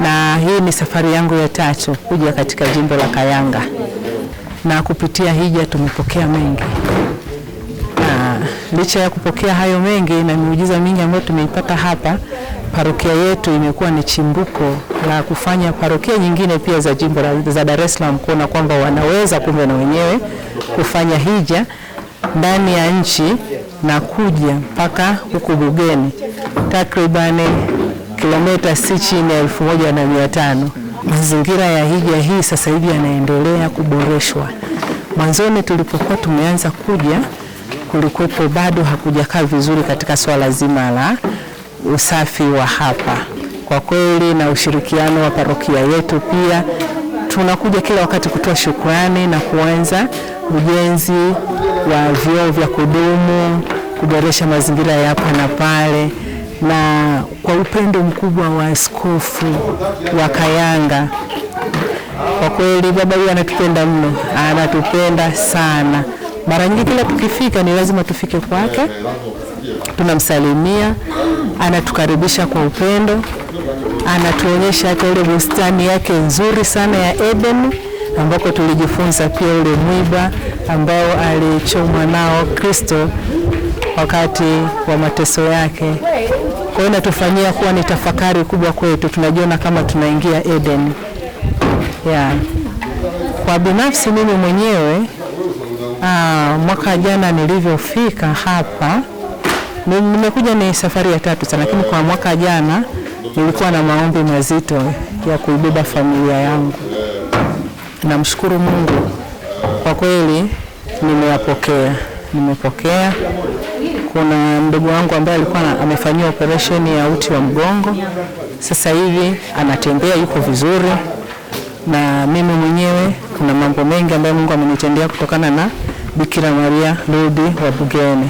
na hii ni safari yangu ya tatu kuja katika jimbo la Kayanga, na kupitia hija tumepokea mengi, na licha ya kupokea hayo mengi na miujiza mingi ambayo tumeipata hapa, parokia yetu imekuwa ni chimbuko la kufanya parokia nyingine pia za jimbo la, za Dar es Salaam kuona kwamba wanaweza kumbe na wenyewe kufanya hija ndani ya nchi na kuja mpaka huku Bugeni takribani kilomita si chini ya elfu moja na mia tano. Mazingira ya hija hii sasa hivi yanaendelea kuboreshwa. Mwanzoni tulipokuwa tumeanza kuja, kulikuwepo bado hakujakaa vizuri katika swala zima la usafi wa hapa. Kwa kweli na ushirikiano wa parokia yetu, pia tunakuja kila wakati kutoa shukrani na kuanza ujenzi wa vyoo vya kudumu, kuboresha mazingira ya hapa na pale na kwa upendo mkubwa wa askofu wa Kayanga. Kwa kweli baba huyu anatupenda mno, anatupenda sana. Mara nyingi kila tukifika ni lazima tufike kwake, tunamsalimia, anatukaribisha kwa upendo, anatuonyesha hata ile bustani yake nzuri sana ya Eden ambako tulijifunza pia ule mwiba ambao alichomwa nao Kristo wakati wa mateso yake. Kwa hiyo inatufanyia kuwa ni tafakari kubwa kwetu, tunajiona kama tunaingia Eden. Yeah. Kwa binafsi mimi mwenyewe aa, ah, mwaka jana nilivyofika hapa nimekuja ni safari ya tatu sana, lakini kwa mwaka jana nilikuwa na maombi mazito ya kuibeba familia yangu. Namshukuru Mungu kwa kweli, nimeyapokea nimepokea kuna mdogo wangu ambaye alikuwa amefanyiwa operesheni ya uti wa mgongo, sasa hivi anatembea, yuko vizuri, na mimi mwenyewe kuna mambo mengi ambayo Mungu amenitendea kutokana na Bikira Maria Rudi wa Bugene.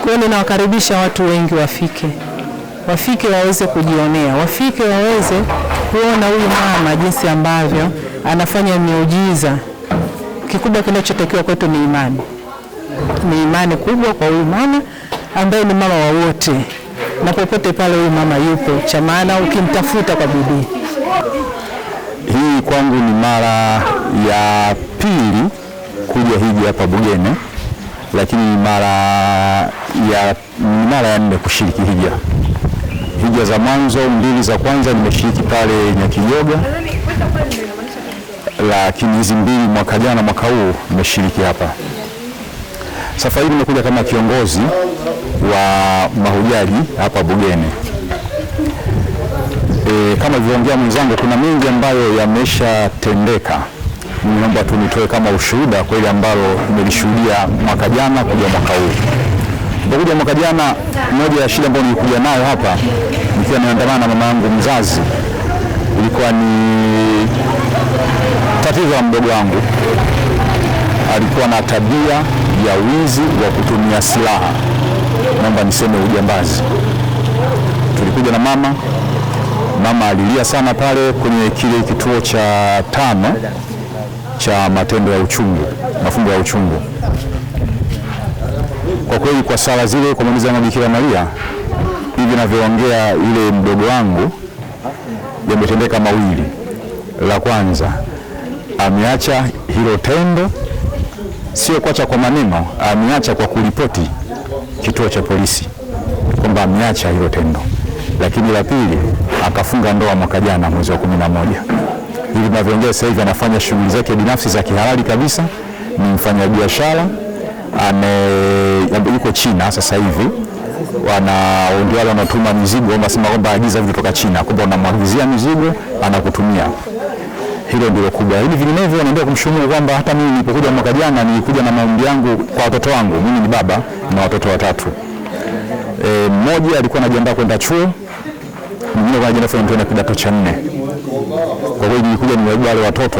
Kwa hiyo ninawakaribisha watu wengi wafike, wafike waweze kujionea, wafike waweze kuona huyu mama jinsi ambavyo anafanya miujiza. Kikubwa kinachotakiwa kwetu ni imani ni imani kubwa kwa huyu mama ambaye ni mama wa wote, na popote pale huyu mama yupo, cha maana ukimtafuta kwa bidii. Hii kwangu ni mara ya pili kuja hiji hapa Bugene, lakini mara ya mara ya nne kushiriki hija. Hija za mwanzo mbili za kwanza nimeshiriki pale Nyakijoga, lakini hizi mbili mwaka jana, mwaka huu nimeshiriki hapa. Safari hii nimekuja kama kiongozi wa mahujaji hapa Bugene. E, kama alivyoongea mwenzangu, kuna mengi ambayo yameshatendeka. Niomba tu nitoe kama ushuhuda kwa ile ambalo nimelishuhudia mwaka jana kuja mwaka huu. Nilipokuja mwaka jana, moja ya shida ambayo nilikuja nayo hapa nikiwa nimeandamana na mama yangu mzazi ilikuwa ni tatizo la mdogo wangu alikuwa na tabia ya wizi wa kutumia silaha, naomba niseme ujambazi. Tulikuja na mama, mama alilia sana pale kwenye kile kituo cha tano cha matendo ya uchungu, mafumbo ya uchungu. Kwa kweli kwa sala zile kwa maombezi ya Bikira Maria, hivi navyoongea, ile mdogo wangu yametendeka mawili. La kwanza ameacha hilo tendo sio kuacha kwa maneno, ameacha kwa kulipoti kituo cha polisi kwamba ameacha hilo tendo. Lakini la pili, akafunga ndoa mwaka jana mwezi wa kumi na moja. Hivi navyoongea sasa hivi anafanya shughuli zake binafsi za kihalali kabisa, ni mfanyabiashara yuko China sasa hivi ndio wale wanatuma mizigo, wanasema kwamba agiza vitu kutoka China, kwamba unamwagizia mizigo anakutumia hilo ndilo kubwa, lakini vinginevyo anaendelea kumshukuru kwamba hata mimi nilipokuja mwaka jana nilikuja na maombi yangu kwa watoto wangu. Mimi ni baba na watoto watatu, E, mmoja alikuwa anajiandaa kwenda chuo, mwingine anajiandaa kwenda kidato cha nne. Kwa hiyo nilikuja niwabeba wale watoto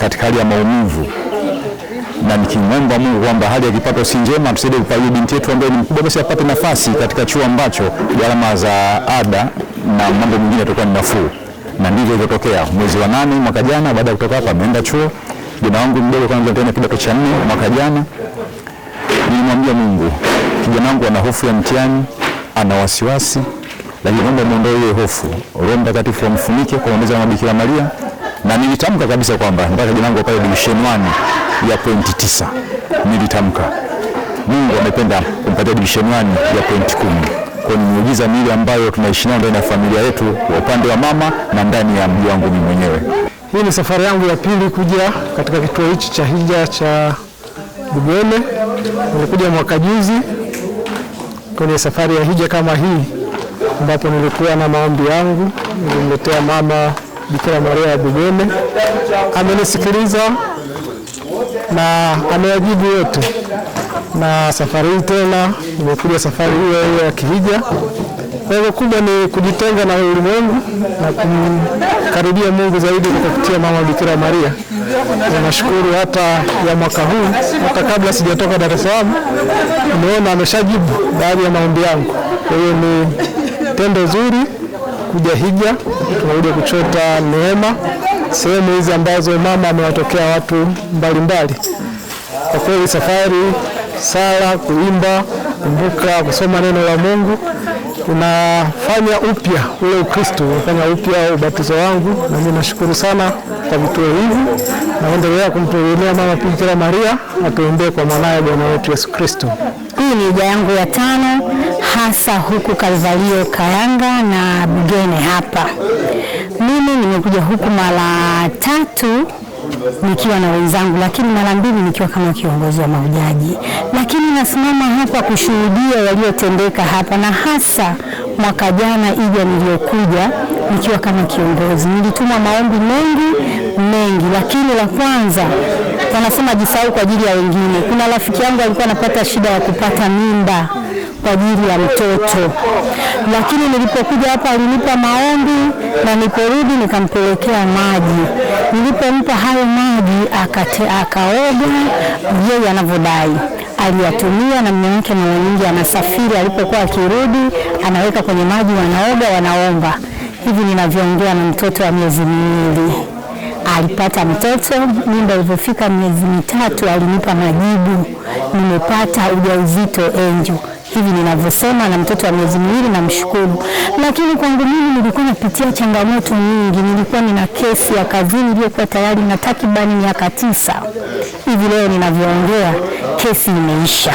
katika hali ya maumivu na nikimwomba Mungu kwamba hali ya kipato si njema, tusaidie kupatia binti yetu ambaye ni mkubwa, basi apate nafasi katika chuo ambacho gharama za ada na mambo mengine yatakuwa ni nafuu na ndivyo ilivyotokea mwezi wa nane mwaka jana. Baada ya kutoka hapa, ameenda chuo. Jina wangu mdogo kwanza tena kidato cha nne mwaka jana, nilimwambia Mungu, kijana wangu ana hofu ya mtihani, ana wasiwasi, lakini naomba muondoe ile hofu, Roho Mtakatifu amfunike kwa uombezi ya Bikira Maria, na nilitamka kabisa kwamba mpaka jina wangu pale division 1 ya point 9 Nilitamka Mungu amependa kumpatia division 1 ya point 10. Kwa ni miujiza miwili ambayo tunaishi nayo ndani ya familia yetu kwa upande wa mama na ndani ya mji wangu mimi mwenyewe. Hii ni safari yangu ya pili kuja katika kituo hichi cha hija cha Bugwene. Nilikuja mwaka juzi kwenye safari ya hija kama hii, ambapo nilikuwa na maombi yangu, nilimletea mama Bikira Maria ya Bugwene, amenisikiliza na ameyajibu yote na safari hii tena imekuja safari hiyo hiyo ya kihija. Lengo kubwa ni kujitenga na ulimwengu na kumkaribia Mungu zaidi kupitia Mama Bikira Maria. Nashukuru hata ya mwaka huu, hata kabla sijatoka Dar es Salaam nimeona ameshajibu baadhi ya maombi yangu. Kwa hiyo ni tendo zuri kuja hija, tunakuja kuchota neema sehemu hizi ambazo mama amewatokea watu mbalimbali. Kwa kweli safari sala, kuimba, kumbuka kusoma neno la Mungu unafanya upya ule Ukristo, unafanya upya ubatizo wangu. Na mimi nashukuru sana kwa vituo hivi, naendelea kumtegemea Mama Bikira Maria, atuombee kwa mwanaye Bwana wetu Yesu Kristo. Hii ni ibada yangu ya tano hasa huku Kalvario Kayanga na Bugene hapa. Mimi nimekuja huku mara tatu nikiwa na wenzangu, lakini mara mbili nikiwa kama kiongozi wa mahujaji, lakini nasimama hapa kushuhudia yaliyotendeka hapa na hasa mwaka jana Ija niliyokuja nikiwa kama kiongozi, nilituma maombi mengi mengi, lakini la kwanza wanasema jisahau kwa ajili ya wengine. Kuna rafiki yangu alikuwa anapata shida ya kupata mimba kwa ajili ya mtoto, lakini nilipokuja hapa alinipa maombi na niporudi nikampelekea maji Nilipompa hayo maji akate, akaoga yeye anavyodai aliyatumia na mume wake mara nyingi anasafiri, alipokuwa akirudi anaweka kwenye maji, wanaoga wanaomba. Hivi ninavyoongea na mtoto wa miezi miwili alipata mtoto. Mimba ilivyofika miezi mitatu alinipa majibu, nimepata ujauzito Angel hivi ninavyosema, na mtoto wa miezi miwili namshukuru. Lakini kwangu mimi nilikuwa napitia changamoto nyingi, nilikuwa nina kesi ya kazini iliyokuwa tayari na takribani miaka tisa hivi. Leo ninavyoongea kesi imeisha,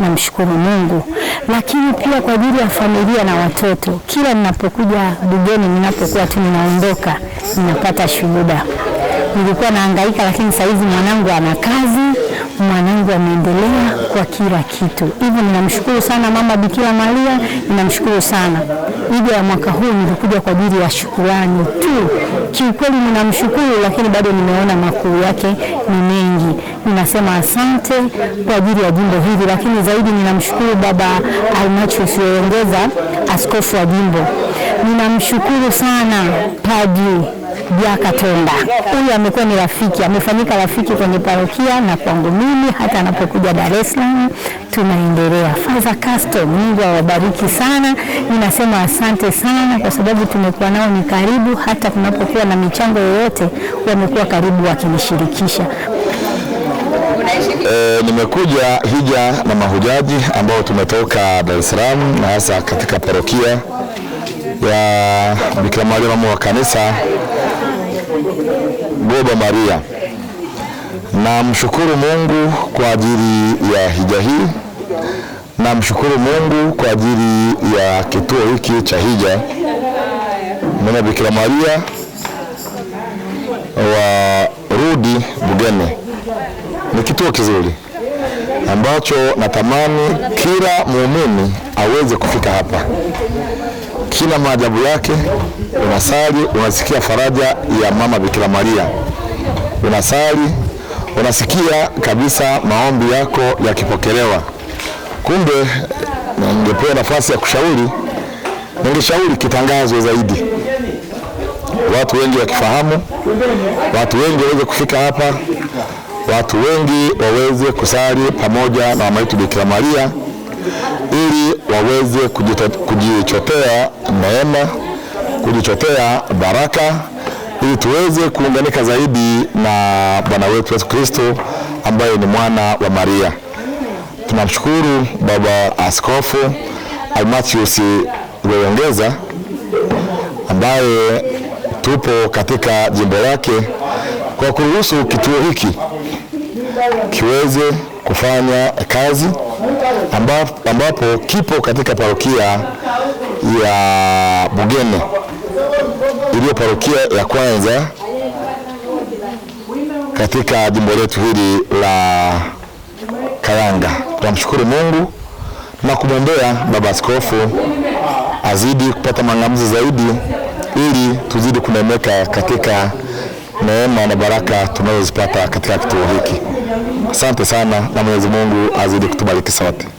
namshukuru Mungu. Lakini pia kwa ajili ya familia na watoto, kila ninapokuja Bugeni, ninapokuwa tu ninaondoka, ninapata shuhuda. Nilikuwa naangaika lakini saizi mwanangu ana kazi mwanangu ameendelea kwa kila kitu. Hivyo ninamshukuru sana Mama Bikira Maria, ninamshukuru sana. Idi ya mwaka huu nilikuja kwa ajili ya shukurani tu, kiukweli ninamshukuru, lakini bado nimeona makuu yake ni mengi. Ninasema asante kwa ajili ya jimbo hili, lakini zaidi ninamshukuru Baba Almachius Ongeza, askofu wa jimbo. Ninamshukuru sana Padri jakatenda Huyu amekuwa ni rafiki, amefanyika rafiki kwenye parokia na kwangu mimi, hata anapokuja Dar es Salaam tunaendelea. Father Castro, Mungu awabariki sana. Ninasema asante sana kwa sababu tumekuwa nao ni karibu, hata kunapokuwa na michango yoyote wamekuwa karibu wakinishirikisha. E, nimekuja hija na mahujaji ambao tumetoka Dar es Salaam na hasa katika parokia ya Bikira Maria mama wa kanisa Goba Maria. Namshukuru Mungu kwa ajili ya hija hii, namshukuru Mungu kwa ajili ya kituo hiki cha hija. Mama Bikira Maria wa Rudi Bugene ni kituo kizuri ambacho natamani kila muumini aweze kufika hapa kila maajabu yake. Unasali, unasikia faraja ya mama Bikira Maria, unasali, unasikia kabisa maombi yako yakipokelewa. Kumbe ningepewa nafasi ya kushauri, ningeshauri kitangazwe zaidi, watu wengi wakifahamu, watu wengi waweze kufika hapa, watu wengi waweze kusali pamoja na mama yetu Bikira Maria ili waweze kujichotea neema, kujichotea baraka, ili tuweze kuunganika zaidi na Bwana wetu Yesu Kristo ambaye ni mwana wa Maria. Tunamshukuru Baba Askofu Almatius Rweyongeza ambaye tupo katika jimbo lake kwa kuruhusu kituo hiki kiweze kufanya kazi ambapo kipo katika parokia ya Bugene iliyo parokia ya kwanza katika jimbo letu hili la Kayanga. Tunamshukuru Mungu na kumwombea baba askofu azidi kupata mang'amuzi zaidi, ili tuzidi kunemeka katika neema na baraka tunazozipata katika kituo hiki. Asante sana na Mwenyezi Mungu azidi kutubariki sote.